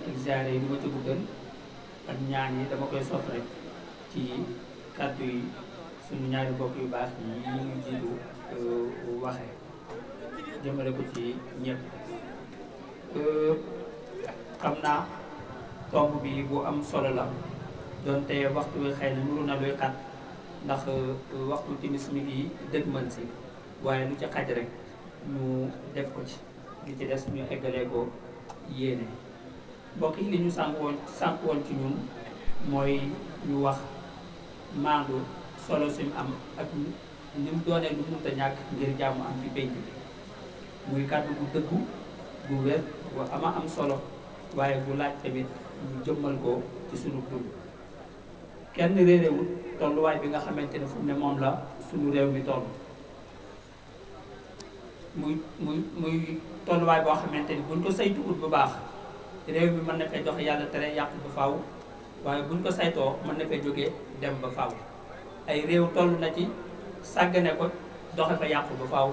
ak yi du ma ci guddal ak ñaan yi dama koy sof rek ci kàddu yi suñu ñaari bokk yu baax yi ñu ngi jiitu euh, waxee jëmale ko ci ñëpp euh, xam naa tomb bi bu am solo la donte waxtu wi xëy na nuru na luy xat ndax euh, waxtu timis mi ngi dëgmal si waaye lu ci xaj rek ñu def ko ci li ci des ñu eggalee ko yéene mbokk li ñu sànq woon sànq woon ci ñun mooy ñu wax maandu solo suñu am ak ni mu doonee lu mënta ñàkk ngir jàmm am ci penc bi muy kàddu gu dëggu gu wér bu ama am solo waaye bu laaj tamit ñu jëmmal ko ci sunu dund kenn réeréwul tolluwaay bi nga xamante ne fu mu ne moom la sunu réew mi toll muy muy muy tolluwaay boo xamante ni buñ ko saytuwut bu baax réew mi mën na fee dox yàlla tere yàq bu faw waaye gun ko saytoo mën na fee jógee dem ba faaw ay réew toll na ci sàggane ko doxe fa yàq bu faaw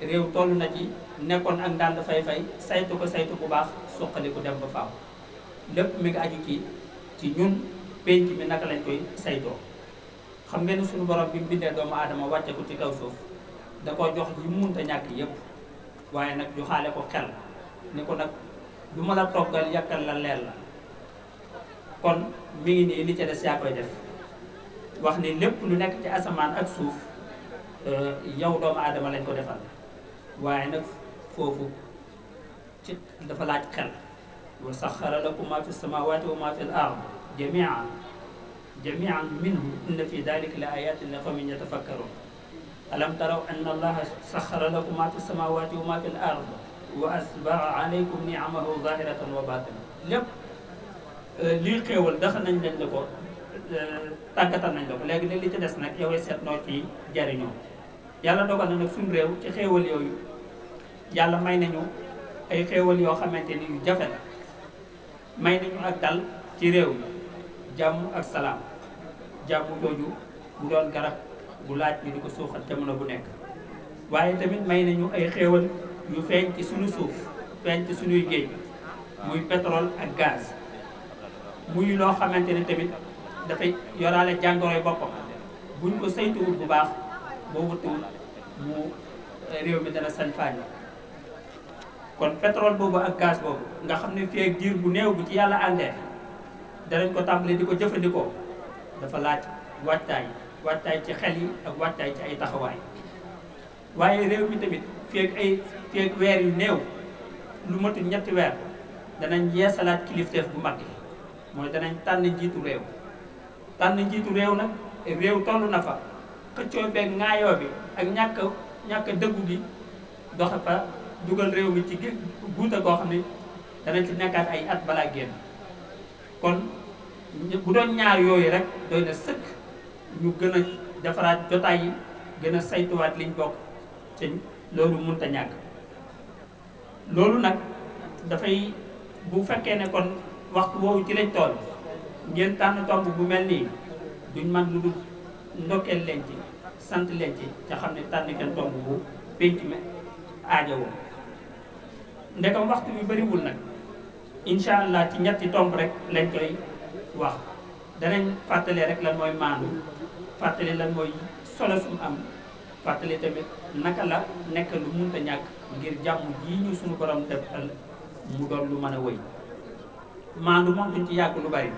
réew toll na ci nekkoon ak ndànd fay-fay saytu ko saytu bu baax suqali ko dem ba faaw lépp mi ngi aju ci ci ñun penc mi naka lañ koy saytoo xam ngeen suñu borom bi mu bindee doomu aadama wàcce ko ci kaw suuf da ko jox yi munta ñàkk yépp waaye nag joxaale ko xel ni ko nag lu ma la toggal yàkkal la leer la kon mi ngi nii li ca des yaa koy def wax ni lépp lu nekk ci asamaan ak suuf euh, yow doomu aadama lañ ko defal waaye nag foofu ci dafa laaj xel wa saxara lakum ma fi samawati wa ma fi l ard jamian jamian minhu inna fi dalika la ayatin li qawmin yatafakkarun alam taraw anna allaha saxara lakum ma fi samawati wa ma fi l ard wa asbaa aleykum niamahu zahiratan wa batina lépp euh, lii xéewal dax nañ leen la ko euh, tàggatal nañ la ko léegi nag li ci des nag yow seet noo ci jariñoo yàlla dogal na nag suñu réew ci xéewal yooyu yàlla may nañu ay xéewal yoo xamante ni yu jafe la may nañu ak dal ci réew mi jàmm ak salaam jàmm jooju mu doon garab bu laaj bi di ko suuxat jamono bu nekk waaye tamit may nañu ay xéewal ñu feeñ ci suñu suuf feeñ ci suñuy géej muy pétrole ak gaas muy loo xamante ni tamit dafay yoraale jàngoroy boppam buñ ko saytuwut bu baax boo wuttuwut mu eh, réew mi dana salfaañi kon pétrole boobu ak gaz boobu nga xam ne fii ak diir bu néew bu ci yàlla àndee danañ ko tàmbali di ko jëfandikoo dafa laaj waajtaay waajtaay ci xel yi ak waajtaay ci ay taxawaay waaye réew mi tamit fii ak weer yu néew lu matul ñetti weer danañ salaat kilifteef bu mag yi mooy danañ tànn njiitu réew tànn njiitu réew nag réew toll na fa xëccoo beeg ŋaayoo bi ak ñàkk ñàkk dëggu gi dox fa dugal réew mi ci guuta goo xam ne danañ ci nekkaat ay at balaa génn kon bu doon ñaar yooyu rek doy na sëkk ñu gën a defaraat jotaay yi gën a saytuwaat liñ bokk ci loolu mënut a ñàkk loolu nag dafay bu fekkee ne kon waxtu woowu ci lañ tool ngeen tànn tomb bu mel nii duñ man lu dul ndokkeel leen ci sant leen ci ca xam ne tànn ngeen tomb bu pénc mi aajowoo ndekam waxtu bi bëriwul nag incha allah ci ñetti tomb rek lañ koy wax danañ fàttali rek lan mooy maandu fàttali lan mooy solo sum am fàttali tamit naka la nekk lu munta ñàkk ngir jàmm ji ñu suñu borom defal mu doon lu mën a wëy maandu moom duñ ci yàgg lu bari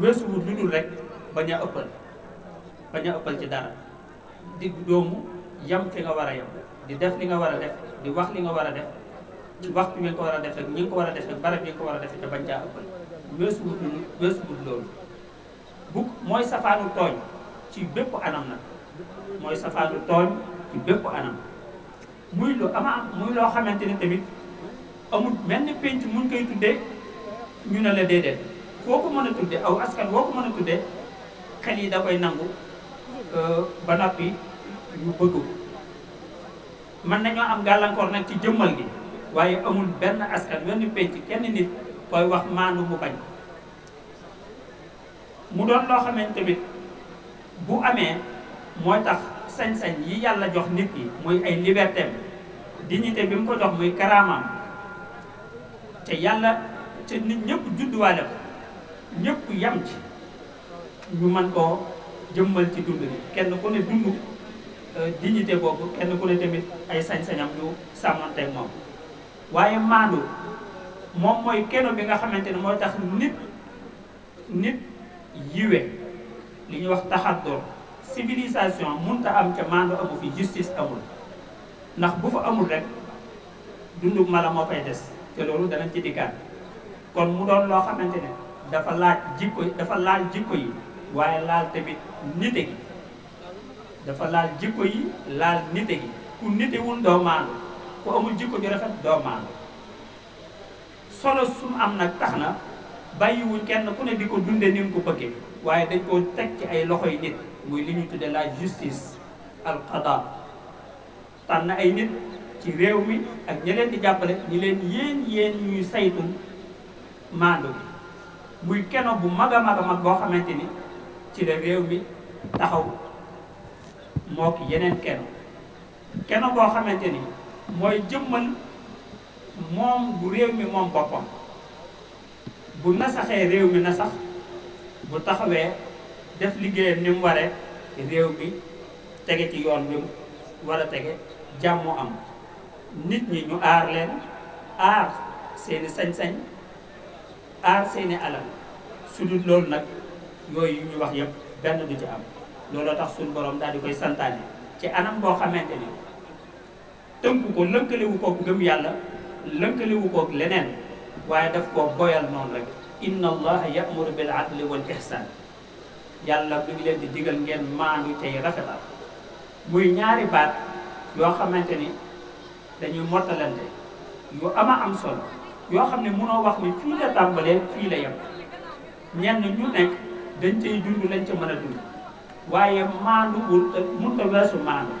weesuwul lu dul rek bañ a ëppal bañ a ëppal ci dara di doomu yam fi nga war a yam di def li nga war a def di wax li nga war a def waxtu bi nga ko war a def rek ñi ngi ko war a def rek barab bi nga ko war a def te bañ caa ëppal weesuwul weesuwul loolu bu mooy safaanu tooñ ci bépp anam na mooy safaanu tooñ ci bépp anam muy lu ama muy loo xamante ni tamit amul benn pénc mun koy tuddee ñu ne la déedéet foo ko mën a tudde aw askan woo ko mën a tuddee xel yi da koy nangu euh, ba noppi ñu bëgg ko mën nañoo am gàllankoor nag ci jëmmal gi waaye amul benn askan benn pénc kenn nit koy wax maanu mu bañ mu doon loo xamante tamit bu amee mooy tax sañ-sañ yi yàlla jox nit yi muy ay liberté dignité bi mu ko jox muy karaamaam te yàlla te nit ñëpp judduwaale ko ñëpp yam ci ñu mën koo jëmmal ci dund bi kenn ku ne dund euh, dignité boobu kenn ku ne tamit ay sañ-sañam yu sàmmanteeg moom waaye maandu moom mooy keno bi nga xamante ne mooy tax nit nit yiwe li ñuy wax taxador civilisation munta am ca maandu amu fi justice amul ndax bu fa amul rek dundu mala moo fay des te loolu danañ ci dikkaat kon mu doon loo xamante ne dafa laaj jikko dafa laal jikko yi waaye laal tamit nite gi dafa laal jikko yi laal nite gi ku nitewul doo maandu ku amul jikko ju rafet doo maandu solo sum am nag tax na bàyyiwuñ kenn ku ne di ko dunde ni mu ko bëggee waaye dañ koo teg ci ay loxo loxoy nit muy li ñu tudde la justice al qada tànn ay nit ci réew mi ak ñi leen di gàppale ñi leen yéen yéen ñuy saytu maandu bi muy keno bu mag a mag a boo xamante ni ci la réew mi taxaw moo ki yeneen keno keno boo xamante ni mooy jëmmal moom bu réew mi moom boppam bu nasaxee réew mi nasax bu taxawee def liggéeyam ni mu waree réew mi tege ci yoon bi mu war a tege jàmmu am nit ñi ñu aar leen aar seeni sañ-sañ aar seeni alal su dul loolu nag yooyu yu ñu wax yëpp benn du ci am looloo tax suñ borom daal di koy santaane ci anam boo xamante ni tënku ko lëkkaliwu koog ngëm yàlla lëkkaliwu koog leneen waaye daf koo boyal noonu rek inna allaha ya'muru bil adli wal ihsan yàlla bu ngi leen di digal ngeen maandu cay rafetal muy ñaari baat yoo xamante ni dañuy mottalante yu ama am solo yoo xam ne mënoo wax ni fii la tàmbalee fii la yem ñenn ñu nekk dañ cay dund lañ ca mën a dund waaye maandu wul te mënta weesu maandu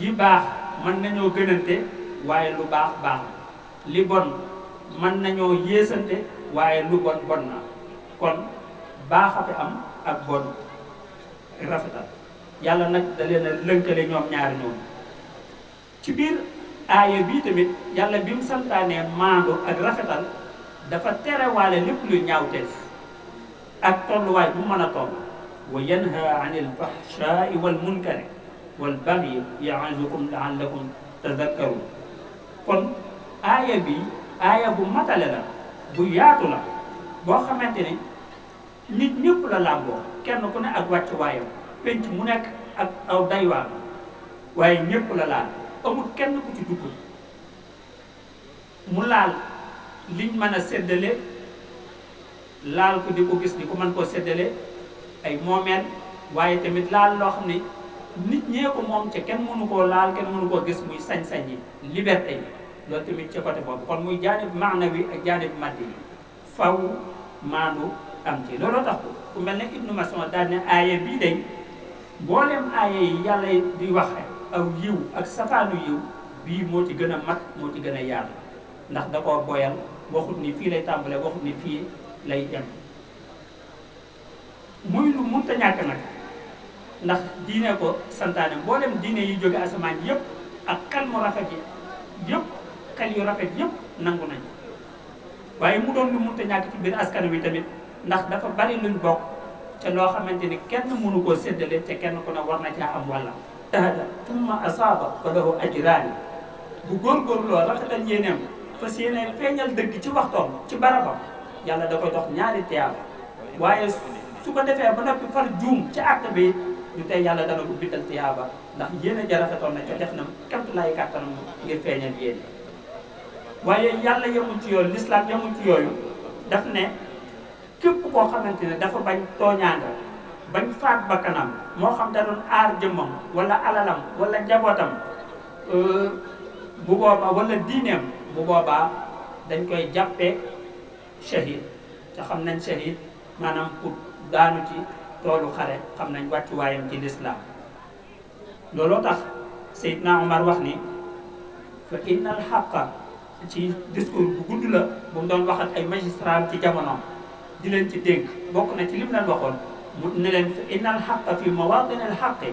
yi baax mën nañoo gënante waaye lu baax baax li bon mën nañoo yéesante waaye lu bon bon na kon baax am ak bon rafetal yàlla nag da a lënkale ñoom ñaari ñooñu ci biir aaya bii tamit yàlla bim mu santaanee maandu ak rafetal dafa terewaale lépp lu ñaawteef ak tolluwaay bu mën a toll wa yanha anil fahshaai wal munkari wal bagyi yaizukum laallakum tazakkarun kon aaya bi aaya bu matale la bu yaatu la boo xamante ni nit ñépp la làmboo kenn ku ne ak wàcc waayam penc mu nekk ak aw daywaam waaye ñépp la laal amul kenn ku ci dugg mu laal liñ mën a séddale laal ko di ko gis di ko mën koo séddale ay moomeel waaye tamit laal loo xam ne nit ñee ko moom ca kenn mënu koo laal kenn mënu koo gis muy sañ-sañ yi liberté yi loolu tamit ca côté boobu kon muy jaanib maanawi ak jaanib maddi yi faw maandu am ci looloo tax ku mel ne Ibnu Mas'ud daal ne aaya bii day mboolem aaya yi yàlla di wax aw yiw ak safaanu yiw bii moo ci gën a mat moo ci gën a yaatu ndax da koo boyal waxut ni fii lay tàmbalee waxut ni fii lay yem muy lu mënta ñàkk nag ndax diine ko santaane mboolem diine yi jóge asamaan yëpp ak xel mu rafet yi yëpp xel yu rafet yëpp nangu nañ waaye mu doon lu mënta ñàkk ci biir askan wi tamit ndax dafa bari luñ bokk te loo xamante ni kenn mënu koo séddale te kenn ku ne war na caa am walla tahada tumma asaaba fa lahu ajraani bu góorgóorloo rafetal yéeneem fas yéene feeñal dëgg ci waxtoom ci barabam yàlla da koy jox ñaari tiyaaba waaye su ko defee ba noppi far juum ci àtt bi du tey yàlla dana ko bindal tiyaaba ndax yéene ja rafetoon na ca def na képp laay kàttanam ngir feeñal yéene waaye yàlla yemul ci yooyu lislaam yemul ci yooyu daf ne képp koo xamante ne dafa bañ tooñaanga bañ faat bakkanam moo xam da doon aar jëmmam wala alalam walla njabootam euh, bu boobaa wala diineem bu boobaa dañ koy jàppee shahid te xam nañ shahid maanaam pour daanu ci toolu xare xam nañ wàccuwaayam ci lislaam looloo tax Seydina Omar wax ni fa innal xaqa ci discours bu gudd la bu mu doon waxat ay magistrat ci jamonoom di leen ci dénk bokk na ci lim leen waxoon mu ne leen fa inna alxaqa fi mawaadin alxaqi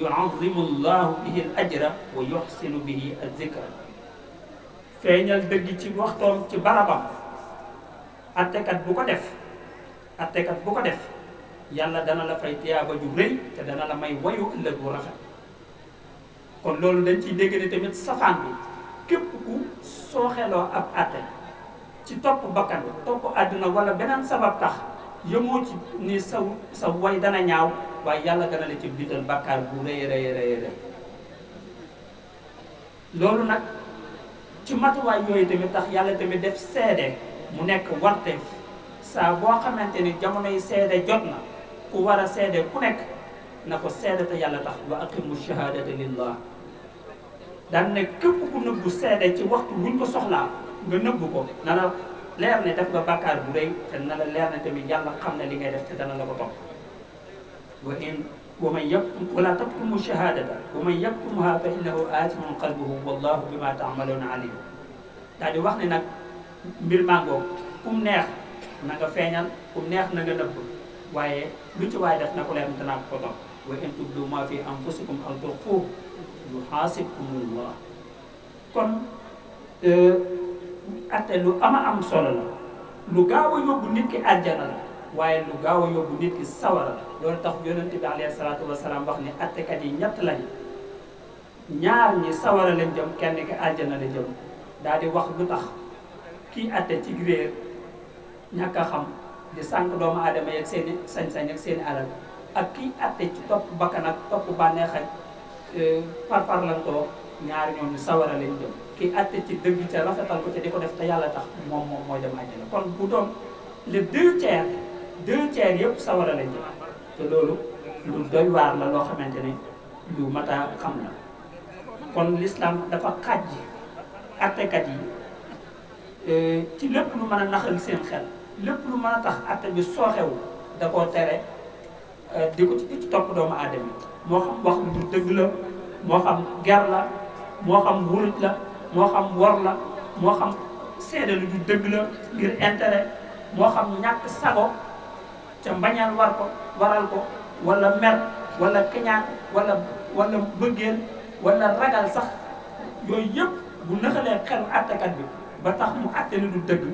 yuazimu llahu bihi al ajra wa yuxsinu bi azikra feeñal dëgg ci waxtoom ci barabam attekat bu ko def attekat bu ko def yàlla dana la fay tiyaaba ju rëy te dana la may wayu ëllëg bu rafet kon loolu dañ ciy dégg ne tamit safaan bi képp ku sooxeloo ab atte ci topp bakkan topp àdduna wala beneen sabab tax yëmoo ci ni sa sa way dana ñaaw waaye yàlla dana la ci bindal bàkkaar bu rëye rëy rëy loolu nag ci matuwaay yooyu tamit tax yàlla tamit def seede mu nekk warteef saa boo xamante ni jamono yi seede jot na ku war a seede ku nekk na ko seede te yàlla tax wa aqimu shahadata lillah ne këpp ku nëbbu seede ci waxtu buñ ko soxlaa nga nëbbu ko na la leer ne def nga bàkkaar bu rëy te na la leer ne tamit yàlla xam ne li ngay def te dana la ko topp wa in wa man yaktum wala taktumu shahadata wa man yaktumha fa innahu aathimun qalbuhu wallahu bima taamaluuna alim daal di wax ne nag mbir màngoo kum neex na nga feeñal kum neex na nga nëbb waaye lu ci waay def na ko leer na danaa ko topp wa in tubdu ma fi anfusikum aw tuxfuuhu yuxaasibkumullah kon euh, atte lu ama am solo la lu gaaw a yóbbu nit ki àjjana la waaye lu gaaw a yóbbu nit ki sawara la loolu tax yonente bi alayhi salaatu wasalaam wax yi ñett lañ ñaar ñi sawara lañ jëm kenn ki àjjana la daal di wax lu tax kii atte ci réer ñàkk a xam di sànq doomu aadama yeeg seen i sañ-sañ ak seen i alal ak kii atte ci topp bakkan ak topp bànneex ak parparlantoo euh, ñaar ñoom ñu sawara lañ jëm ki atte ci dëgg ca rafetal ko ca di ko def te yàlla tax moom moom mooy dem àjjana kon bu doon le deux tiers deux tiers yëpp sawara lañ jëm te loolu lu doy waar la loo xamante ni lu mat a xam la kon l'islam dafa xaj attekat yi euh, ci lépp lu mën a naxal seen xel lépp lu mën a tax atte bi sooxewu da koo tere euh, di ko ci topp doomu aadama moo xam wax dëgg la moo xam ger la moo xam wuruj la moo xam wor la moo xam seede lu du dëgg la ngir intérêt moo xam ñàkk sago ca mbañal war ko waral ko walla mer walla keñaan wala wala bëggeel wala ragal sax yooyu yëpp bu nëxalee xelu àttekat bi ba tax mu àtte lu du dëgg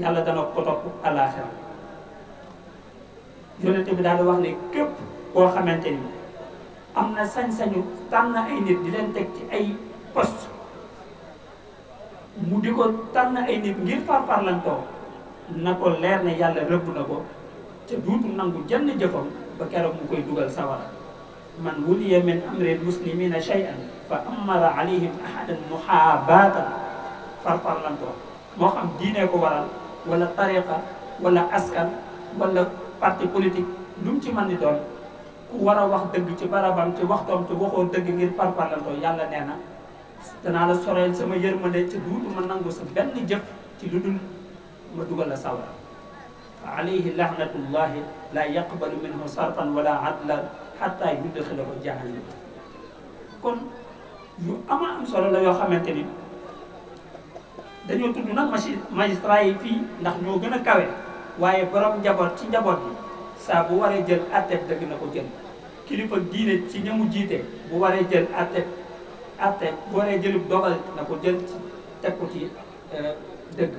yàlla dana ko topp àllaaxira yonent bi daal wax ne képp koo xamante ni am na sañ-sañu tànn ay nit di leen teg ci ay post mu di ko tànn ay nit ngir farfarlantoo na ko leer na yàlla rëbb na ko te duutu nangu jën jëfam ba keroog mu koy dugal sawara man wuliya min amril muslimina shay'an fa amara alayhim ahadan muhaabatan farfarlantoo moo xam diine ko waral wala tariqa wala askan wala parti politique lu mu ci man di doon ku war wax dëgg ci barabam ci waxtoom ci waxoo dëgg ngir farfarlantoo yàlla nee na danaa la soreel sama yërmande ci duutuma nangu sa benn jëf ci lu dul ma dugal la sawra fa alayhi lahnatullahi la yaqbalu minhu sarfan wala adlan xatta yudxilahu jahannam kon yu ama am solo la yoo xamante ni dañoo tudd nag magistrat yi ndax ñoo gën a kawe waaye borom njaboot ci njaboot bi saa bu waree jël atteb dëgg na ko jël kilifa diine ci ñamu jiite bu waree jël atteb atte boo nee jëlub dogal na ko jël ci teg ko ci euh, dëgg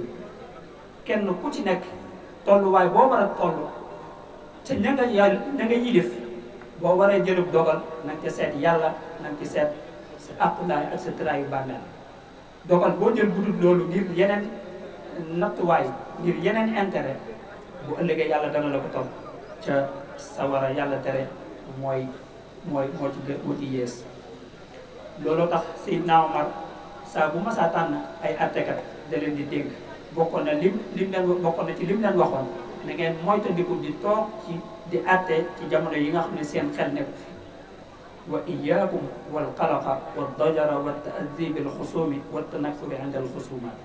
kenn ku ci nekk tolluwaay boo war a toll te ña nga yàlla ña boo waree jëlub dogal na ci seet yàlla na ci seet sa àqulaay ak sa tëraayu bàmmeel dogal boo jël budul loolu ngir yeneen nattuwaay ngir yeneen intérêt bu ëllëgee yàlla dana la ko toll ca sawara yàlla tere mooy mooy moo ci gë moo ci yées looloo tax Seydina Omar saa bu masaa tànn ay attekat da leen di dégg bokkoon na lim lim leen bokkoon na ci lim leen waxoon na ngeen moytandiku di toog ci di atte ci jamono yi nga xam ne seen xel nekku fi wa iyaakum wal xalaqa wa dajara wa taadibi al xusuumi wa tanakkuri inda al xusuumaat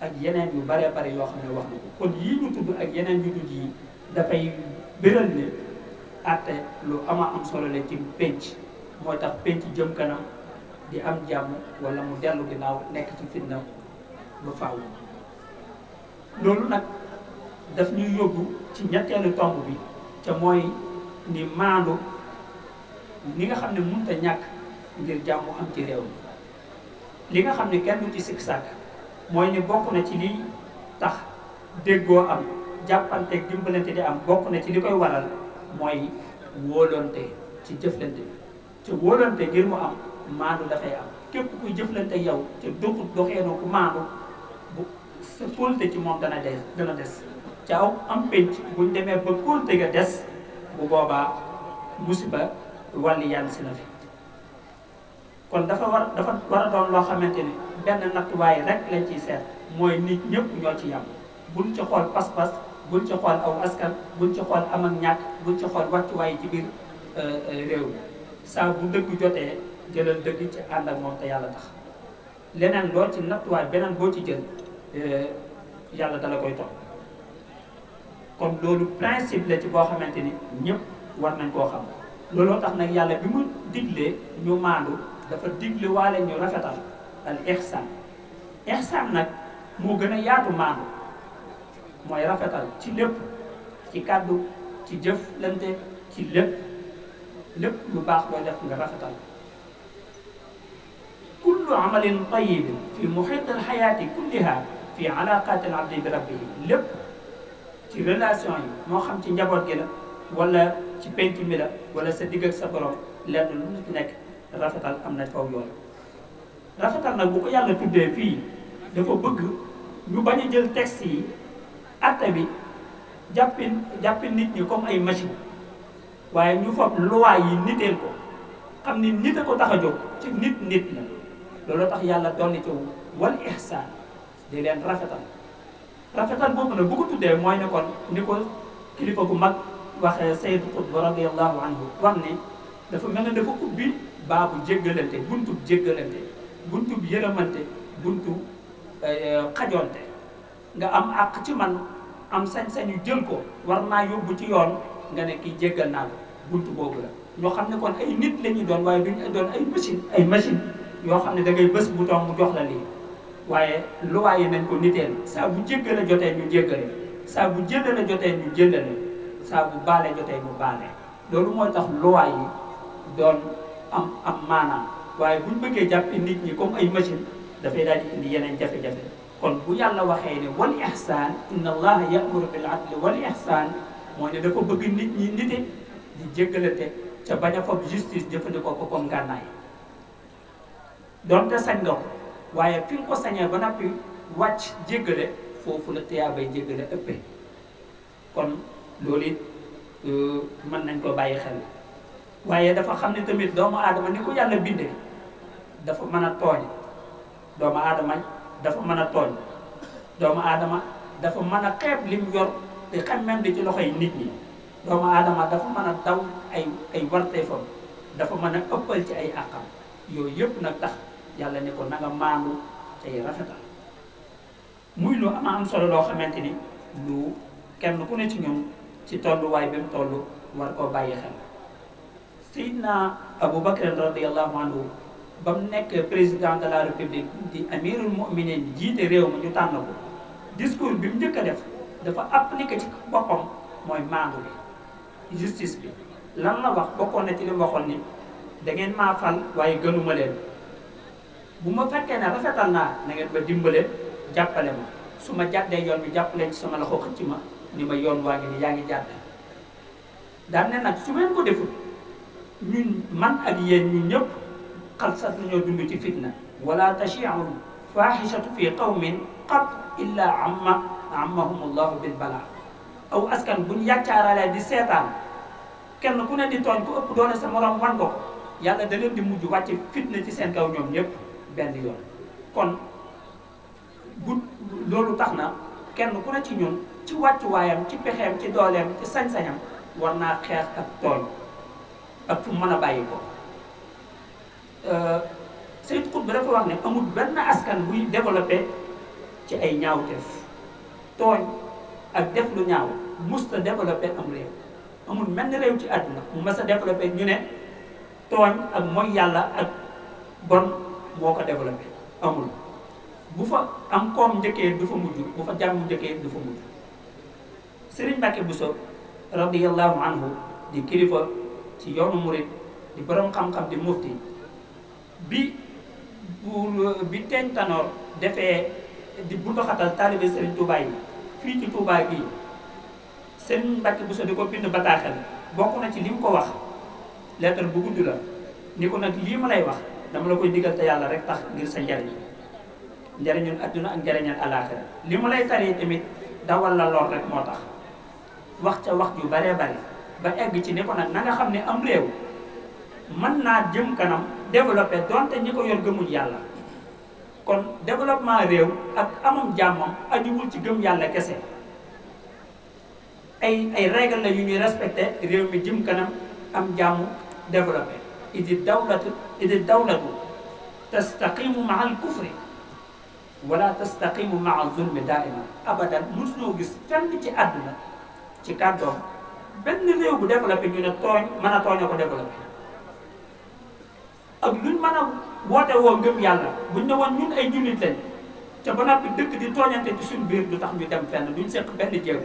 ak yeneen yu bare bare yoo xam ne wax na ak yeneen yu tudd yi dafay béral ne atte lu ama am solo la ci pénc mooy tax pénc jëm kanam di am jàmm wala mu dellu ginnaaw nekk ci fitna ba faw loolu nag daf ñuy yóbbu ci ñetteelu tomb bi te mooy ni maandu li nga xam ne mënta ñàkk ngir jàmm am ci réew mi li nga xam ne kenn du ci sikk sàkk mooy ni bokk na ci li tax déggoo am jàppante ak dimbalante di am bokk na ci li koy waral mooy wóolante ci jëflante bi te wóolante ngir mu am maandu dafay am képp kuy jëflante ak yow te doxut doxeenoo ku maandu bu sa kóolute ci moom dana des dana des ca aw am pénc buñ demee ba kóolute ga des bu boobaa musiba wàlli yàlla si na fi kon dafa war dafa war doon loo xamante ni benn nattuwaay rek lañ ci seet mooy nit ñëpp ñoo ci yam buñ ci xool pas-pas buñ ci xool aw askan buñ ci xool am ak ñàkk buñ ci xool wàccuwaay ci biir euh, euh, réew mi saa bu dëgg jotee jëlal dëgg ci ànd ak moom te yàlla tax leneen loo ci nattuwaay beneen boo ci jël eh, yàlla dala koy topp kon loolu principe la ci boo xamante ni ñëpp war nañ koo xam looloo tax nag yàlla bi mu diglee ñu maandu dafa digle waale ñu rafetal al ihsan ihsan nag moo gën a yaatu maandu mooy rafetal ci lépp ci kàddu ci jëflante ci lépp lépp lu baax looy def nga rafetal kullu amalin tayibin fi muhit alxayaati kulliha fi alaqaati alabdi bi rabbihi lépp ci relation yi moo xam ci njaboot gi la wala ci penc mi la wala sa digg sa borom lenn lu mu ci nekk rafetal am na faw yoon rafetal nag bu ko yàlla tuddee fii dafa bëgg ñu bañ a jël texte yi atte bi jàppin jàppin nit ñi comme ay machine waaye ñu fab loi yi niteel ko xam ni nit a ko dax a jóg ci nit nit la loolu tax yàlla dolli ci wal ihsaan di leen rafetal rafetal boobu nag bu ko tuddee mooy ne ni ko kilifa gu mag waxee Sayyid Qutb radiyallahu anhu wax ne dafa mel ne dafa ubbi baabu jéggalante buntub jéggalante buntub yërëmante buntu eh, xajonte nga am akk ci man am sañ-sañu jël ko war naa yóbbu ci yoon nga ne kii jéggal naa ko buntu boobu la ñoo xam ne kon ay nit la ñuy doon waaye duñ doon ay machine ay machine yoo xam ne dangay bës bés bu toog mu jox la lii waaye lu waaye nañ ko niteel saa bu jëgga jéggale jotee ñu jéggale saa bu jëndale jotee ñu jëndale saa bu baale jotee ñu baale loolu mooy tax luwaa yi doon am am maanaam waaye buñ bëggee jàppe nit ñi comme ay machine dafay daal di indi yeneen jafe-jafe kon bu yàlla waxee ne wal ihsaan inna allaha ya'muru bil adli wal ihsaan mooy ne dafa bëgg nit ñi nite di jéggalante ca bañ a foog justice jëfandikoo ko comme gànnaay donte sañ nga ko waaye fi nga ko sañee ba noppi wàcc jéggale foofu la tiyaabay jéggale ëpp kon loolu it euh, mën nañ koo bàyyi xel waaye dafa xam ne tamit doomu aadama ni ko yàlla bindee dafa mën a tooñ doomu aadama dafa mën a tooñ doomu aadama dafa mën a xeeb lim yor te xam même di ci loxoy nit ñi doomu aadama dafa mën a daw ay ay warteefam dafa mën a ëppal ci ay àqam yooyu yëpp nag tax yàlla ne ko na nga maandu tey rafetal muy lu ama am solo loo xamante ni lu kenn ku ne ci ñoom ci tolluwaay bi mu toll war koo bàyyi xel Seydina Abu Bakr radiallahu anhu ba mu nekk président de la république di amirul mu'minin jiite réew mi ñu tàng ko discours bi mu njëkk a def dafa appliqué ci boppam mooy maandu bi justice bi lan la wax bokkoon na ci li waxoon ni da ngeen maa fal waaye gënuma leen bu ma fekkee ne rafetal naa na ngeen ma dimbale jàppale ma su ma jàddee yoon mi jàpp leen ci sama loxo xëcc ma ni ma yoon waa ngi ni yaa ngi jàdd daan ne nag su ngeen ko deful ñun man ak yéen ñun ñëpp xalsat nañoo dund ci fitna wala tashiu faaxishatu fi qawmin qat illa amma ammahum allahu bil bala aw askan bu buñ yàccaaralee di seetaan kenn ku ne di tooñ ku ëpp doole sama morom wan ko yàlla da di mujj wàcce fitna ci seen kaw ñoom ñëpp benn yoon kon bu loolu tax na kenn ku na ci ñun ci wàccuwaayam ci pexeem ci dooleem ci sañ-sañam war naa xeex ak tool ak fu mën a bàyyi ko euh, Seydi Xutb bi dafa wax ne amul benn askan buy développé ci ay ñaaw ñaawteef tooñ ak def lu ñaaw musta développé am réew amul mel réew ci àdduna mu mas a développé ñu ne tooñ ak mooy yàlla ak bon moo ko développé amul bu fa am koom njëkkee du fa mujj bu fa jàng njëkkee du fa mujj Serigne Mbacke Bousso radiyallahu anhu di kilifa ci yoonu murit di borom xam-xam di mufti bi bu bi teeñ tanoor defee di bundaxatal taalibe Serigne Touba yi fii ci bi gii Serigne bu Bousso di ko bind bataaxel bokk na ci li ko wax lettre bu gudd la ni ko nag lii ma lay wax dama la koy digal yàlla rek tax ngir sa njariñ njariñul adduna ak njariñal alaaxira li ma lay taree tamit dawal la lool rek moo tax wax ca wax yu baree bari ba egg ci ne ko nag na nga xam ni am réew mën naa jëm kanam développé donte ñi ko yor gëmuñ yàlla kon développement réew ak amam jàmmam ajuwul ci gëm yàlla kese ay ay règle la yu ñuy respecté réew mi jëm kanam am jàmm développé idi dawlatu إذ الدولة تستقيم مع الكفر ولا تستقيم مع الظلم دائما أبدا musuñoo gis fenn ci àdduna ci kàddoom benn réew bu développé ñu ne tooñ mën a tooñ a ko développé ak luñ mën a woote woo ngëm yàlla buñ ne woon ñun ay jullit lañ te ba noppi dëkk di tooñante ci suñ biir du tax ñu dem fenn duñ seq benn jéego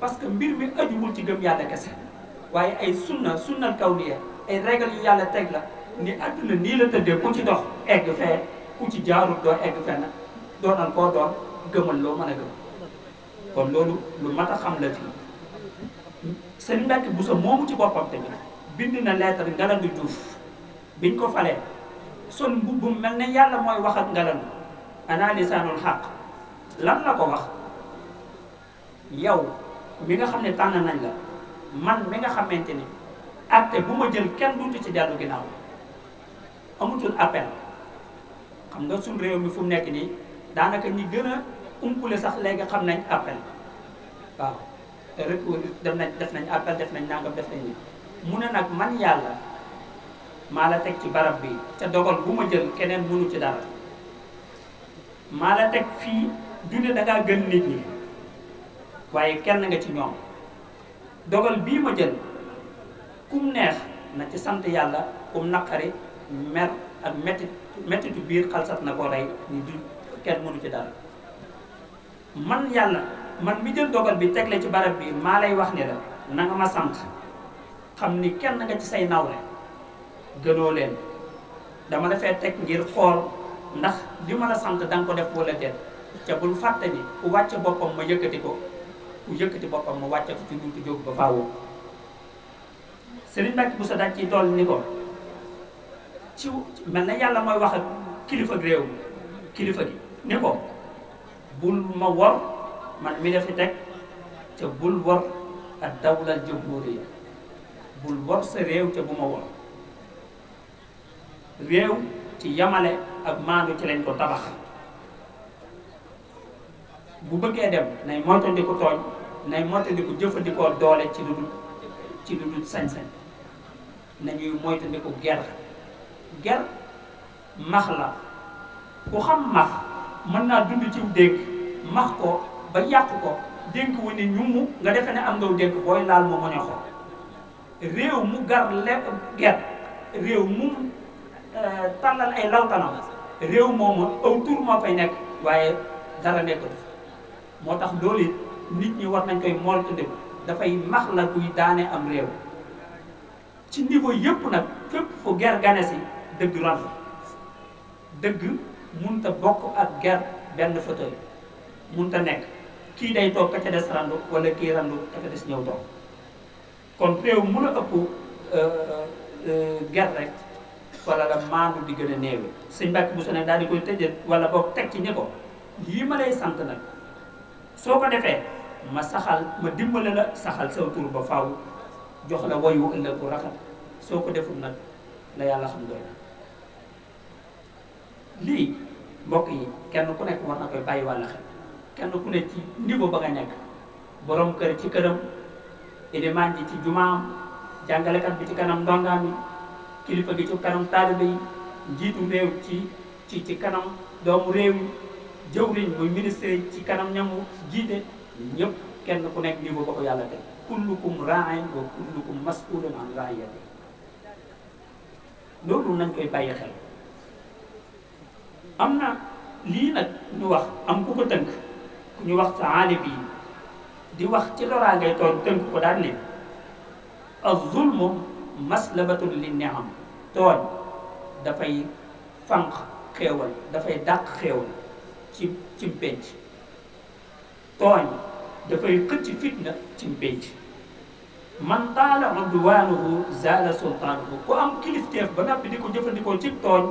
parce que mbir mi ajuwul ci gëm yàlla kese waaye ay sunna sunnal kawniya ay régal yu yàlla teg la ni àdduna nii la tëddee ku ci dox egg fee ku ci jaarul doo egg fenn doonal koo doon gëmal loo mën a gëm kon loolu lu mat a xam la fii sëñ bu sa moomu ci boppam tamit bind na lettre Ngalandou Diouf biñ ko falee son mbubbum mel ne yàlla mooy wax ak Ngalandou ana lisaanul xaq lan la ko wax yow mi nga xam ne tànn nañ la man mi nga xamante ni acte bu ma jël kenn duutu ci dellu ginnaaw amutul appel xam nga suñ réew mi fu mu nekk nii daanaka ñi gën a umpule sax léegi xam nañ appel waaw rek def nañ def nañ appel def nañ nangam def nañ ni mu ne nag man yàlla maa la teg ci barab bi te dogal bu ma jël keneen mënu ci dara maa la teg fii du ne dangaa gën nit ñi waaye kenn nga ci ñoom dogal bii ma jël kum neex na ci sant yàlla kum naqari mer ak mettit mettitu biir xalsat na ko rey ni du kenn mënu ci dal man yàlla man mi jël dogal bi teg tegle ci barab bi maa lay wax ni la na nga ma sant xam ni kenn nga ci say nawle gënoo leen dama la fee teg ngir xool ndax li ma la sant da ko def wala déet ca bul fàtte ni ku wàcce boppam ma yëkkati ko ku yëkkati boppam ma wàcce ko ci luutu jóg ba faawoo Serigne Mbacké Bousso dañ ciy toll ni ko ci mel na yàlla mooy wax ak kilifa gi réew kilifa gi ne ko bul ma wor man mi la teg ca bul wor ak dawlal jumhuriya bul wor sa réew te bu ma wor réew ci yamale ak maandu ci lañ ko tabax bu bëggee dem nay moytandiku tooñ nay moytandiku jëfandikoo doole ci lu dul ci lu dul sañ-sañ nañuy moytandiku ger ger max la ku xam max mën naa dund ci dénk max ko ba yàq ko dénk wu ne ñum nga defe ne am ngaw dénk booy laal ma moño ko réew mu gar le ger réew mu euh, tàllal ay lawtanam réew moomu aw tur moo fay nekk waaye dara nekkul moo tax loolu it nit ñi war nañ koy moytu dafay max la buy daane am réew ci niveau yëpp nag fépp fu ger gane si dëgg ron dëgg munta bokk ak ger benn fauteuil munta nekk kii day toog ka ca des randu wala kii randu ka ca des ñëw toog kon réew mun a ëpp euh, euh, euh, ger rek wala la maandu di gën a néewee sëñ Mbàkke Buso nag daal di koy tëjee wala boog teg ci ñi ko lii ma lay sant nag soo ko defee ma saxal ma dimbale la saxal saw tur ba faaw jox la woyu ëllëg bu rafet soo ko deful nag la yàlla xam doy na lii mbokk yi kenn ku nekk war na koy bàyyi wàll xel kenn ku nekk ci niveau ba nga nekk borom kër ci këram ilimaan ji ci jumaam jàngalekat bi ci kanam ndongaam kilifa gi ci kanam taalibe yi njiitu réew ci ci ci kanam doomu réew yi jëwriñ muy ministre ci kanam ñamu jiite ñëpp kenn ku nekk niveau ba ko yàlla teg kullukum raain wa kullukum mas'ulun an raiyati loolu nañ koy bàyyi xel am na lii nag ñu wax am ku ko tënk ku ñu wax sa aale bii di wax ci loraa ngay tooñ tënk ko daan ne az-zulmu maslabatun li ni'am tooñ dafay fànq xéewal dafay dàq xéewal ci ci pénc tooñ dafay xëcc fitna ci pénc man taala udwaanuhu zaala sultaanuhu ku am kilifteef ba noppi di ko jëfandikoo ci tooñ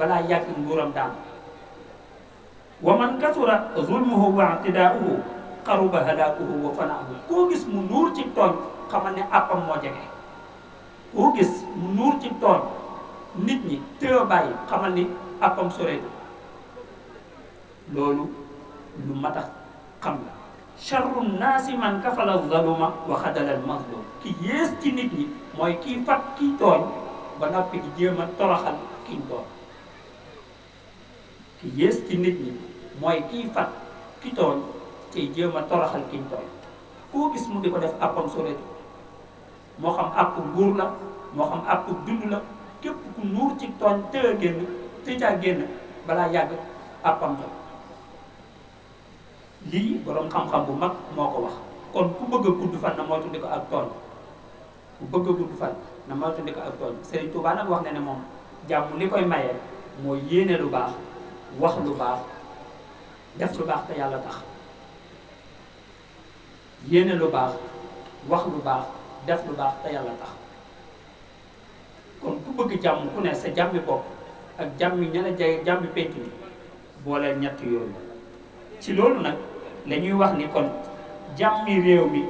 balaa yàgg nguuram daan wa man kasura zulmuhu wa i'tidaa'uhu qaruba halaakuhu wa fanaahu koo gis mu nuur ci tooñ ni ne àppam moo jege koo gis mu nuur ci nit ñi tëye bàyyi xamal ni àppam soree loolu lu mat a xam la charru naasi man kafala zaluma wa xadala al mazlum ki yées ci nit ñi mooy kii fat kii tooñ ba noppi di jéem a toroxal ki yées ci nit ñi mooy kiy fat ki tooñ tey jéem a toroxal kiñ tooñ koo gis mu di ko def àppam soreetu moo xam àpp nguur la moo xam àpp dund la képp ku nuur ci tooñ te génn te caa génn balaa yàgg àppam la lii boroom xam-xam bu mag moo ko wax kon ku bëgg a gudd fan na mooy tundi ko ak tooñ ku bëgg a gudd fan na mooy tundi ko ak tooñ Serigne Touba nag wax ne ne moom jàmm li koy maye mooy yéene lu baax wax lu baax def lu baax te yàlla tax yéene lu baax wax lu baax def lu baax te yàlla tax kon ku bëgg jàmm ku ne sa jàmmi bopp ak jàmmi ña la jay jàmmi penc mi booleel ñett yooyu ci loolu nag lañuy wax ni kon jàmmi réew mi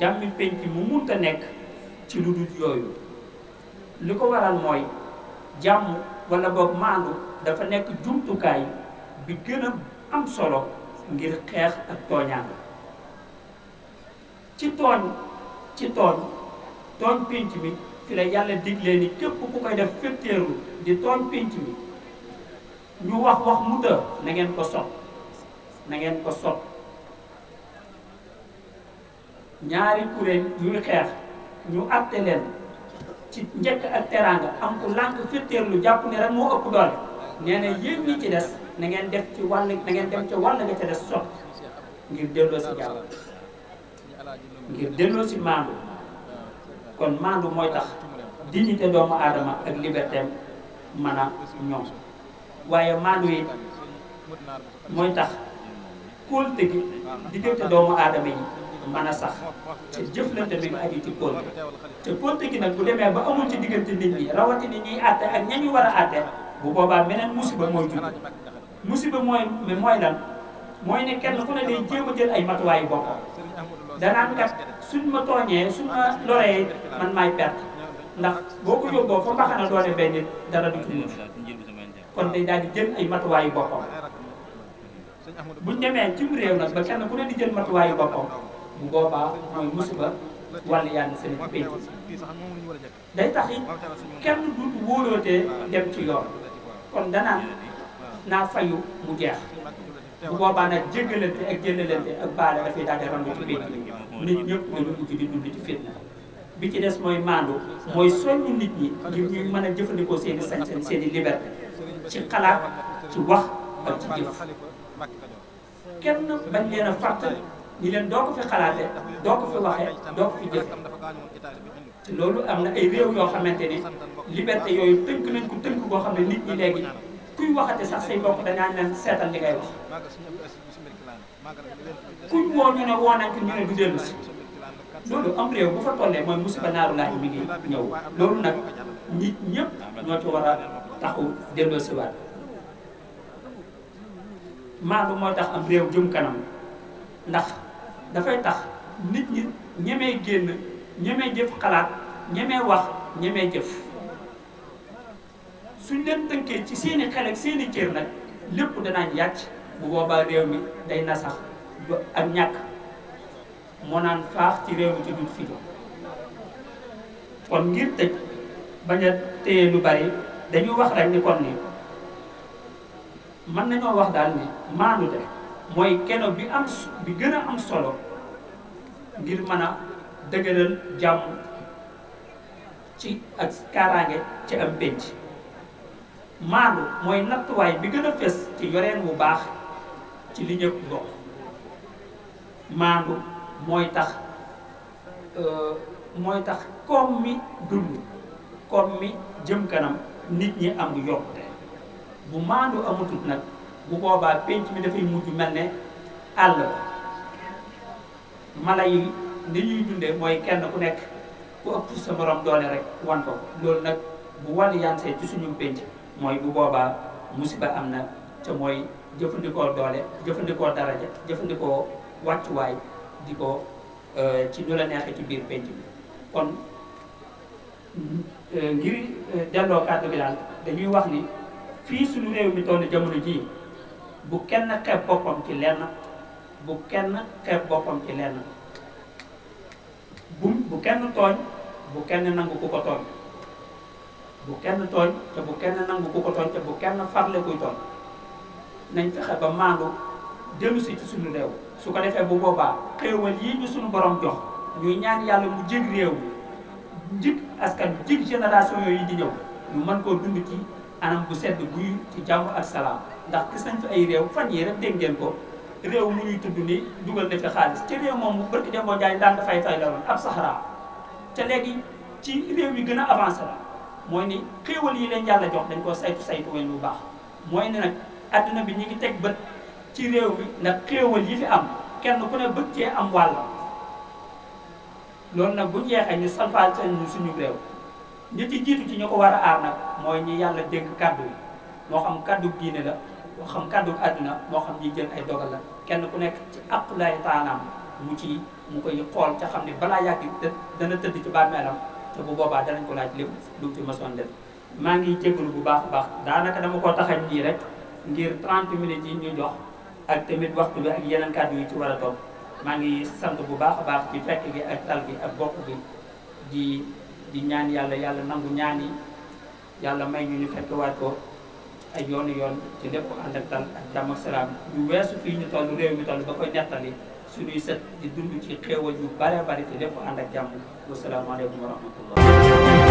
jàmmi penc mu munta nekk ci lu dul yooyu li ko waral mooy jàmm walla boog maandu dafa nekk jumtukaay bi gën am solo ngir xeex ak tooñaan ci tooñ ci tooñ tooñ pénc bi fi la yàlla diglee ni képp ku koy def féttéerlu di tooñ pénc bi ñu wax wax mu të na ko sot na ngeen ko sot ñaari kuréel yuy xeex ñu àtte leen ci njëkk ak teraanga am ku lànk féttéerlu jàpp ne rek moo ëpp doole nee na yéen ñi ci des na ngeen def ci wàll na ngeen dem ca wàll nga ca des sopp ngir delloo si yàlla ngir delloo si maandu kon maandu mooy tax dignité doomu aadama ak liberté mën a ñoom waaye maandu yi mooy tax kóolte gi diggante doomu aadama yi mën a sax te jëflante bi nga aju ci kóolte te kóolte gi nag bu demee ba amul ci diggante nit ñi rawatina ñuy àtte ak ñañuy war a àtte bu boobaa meneen musiba mooy jur musiba mooy mooy lan mooy ne kenn ku ne day jéem a jël ay matuwaayu boppam danaan kat suñ ma tooñee suñ ma loree man maay perte ndax boo ko yóbboo fa mbaxana doone benn dara du ci kon day daal di jël ay matuwaayu boppam buñ demee ci réew nag ba kenn ku ne di jël matuwaayu boppam bu boobaa mooy musiba wàllu yàlla seen i pénc day tax it kenn du wóolootee dem ci yoon. kon danaan naa fayu mu jeex bu boobaa nag jéggalante ak jëllalante ak baale dafay daal di randu ci biir nit ñëpp dañu mujj di dund ci bi ci des mooy maandu mooy soññu nit ñi ngir ñuy mën a jëfandikoo seen i sañ-sañ seen i liberté ci xalaat ci wax ak ci jëf kenn bañ leen a fàttal ñi leen doo ko fi xalaate doo ko fi waxee doo ko fi jëfe te loolu am na ay réew yoo xamante ne liberté yooyu tënk nañ ko tënk boo xam ne nit ñi léegi kuy waxate sax say mbokk dañaa leen seetal li ngay wax kuñ woo ñu ne woo nañ ko ñu ne du dellu si loolu am réew bu fa tollee mooy musiba naaru laay mi nit ñëpp ñoo ci war a taxu delloo si waat maandu moo tax am réew jëm kanam ndax dafay tax nit ñi ñemee génn ñemee jëf xalaat ñemee wax ñemee jëf suñ leen tënkee ci seeni xel ak seeni cër nag lépp danaañ yàcc bu boobaa réew mi day nasax du ak ñàkk moo naan faax ci réew mi ci dul fi kon ngir tëj bañ a téye lu bari dañu wax rek ni kon ni mën nañoo wax daal ni maandu de mooy keno bi am gën a am solo ngir mën dëgëral jàmm ci ak kaaraange ci am pénc maandu mooy nattuwaay bi gën a fes ci yoreen bu baax ci li ñëpp bokk maandu mooy tax euh, mooy tax koom mi dund koom mi jëm kanam nit ñi am yokkute bu maandu amatut nag bu boobaa pénc mi dafay mujj mel ne àll ba mala yi li ñuy dundee mooy kenn ku nekk ku ëpp sa morom doole rek wan ko loolu nag bu wàllu yaansee ci suñu pénc mooy bu boobaa musiba am na te mooy jëfandikoo doole jëfandikoo daraja jëfandikoo wàccuwaay di ko euh, ci nu la neexee ci biir pénc bi kon euh, ngir euh, delloo kàddu gi daal dañuy wax ni fii suñu réew mi toll jamono jii bu kenn xeeb boppam ci lenn bu kenn xeeb boppam ci lenn bu bu kenn tooñ bu kenn nangu ku ko tooñ bu kenn tooñ te bu kenn nangu ku ko tooñ te bu kenn farle kuy tooñ nañ fexe ba maandu dellu si ci suñu réew su ko defee bu boobaa xéewal yi ñu suñu borom jox ñuy ñaan yàlla mu jig réew mi jig askan jig génération yooyu di ñëw ñu mën koo dund ci anam bu sedd guy ci jàmm ak salaam ndax gis nañ fi ay réew fan yii rek dégg ko réew mu ñuy tudd ni dugal na fi xaalis te réew moom barki dem boo njaay daan dafay fay la woon ab saxaraa te ci réew yi gën a avancé la ni xéewal yi leen yàlla jox dañ koo saytu saytu wen bu baax mooy ne nag bi ñu ngi teg bët ci réew bi ndax yi fi am kenn ku bëgg cee am wàll loolu nag bu jeexee ñu salfaal seen suñu réew ñi ci jiitu ci ñu ko war a aar nag mooy ñi yàlla dégg kàddu yi moo xam kàddu diine la moo xam kàddu àdduna moo xam ñi jën ay dogal la kenn ku nekk ci aqulaay taalaam mu ci mu koy xool ca xam ni balaa yàgg dana tëdd ci bàmmeelam te bu boobaa danañ ko laaj lépp lu mu ci mësoon def maa ngi jégalu bu baax a baax daanaka dama koo taxañ nii rek ngir 30 minutes yi ñu jox ak tamit waxtu bi ak yeneen kàddu yi ci war a toog maa ngi sant bu baax a baax ci fekk gi ak tal gi ak bokk gi di di ñaan yàlla yàlla nangu ñaan yi yàlla may ñu ñu fekk waat ay yoonu yoon ci lépp ànd ak dal ak yu weesu fii ñu toll réew mi toll ba koy nettali suñuy set di dund ci xéewal yu bare bari ci lépp ànd ak jàmm wasalaamaaleykum wa rahmatullah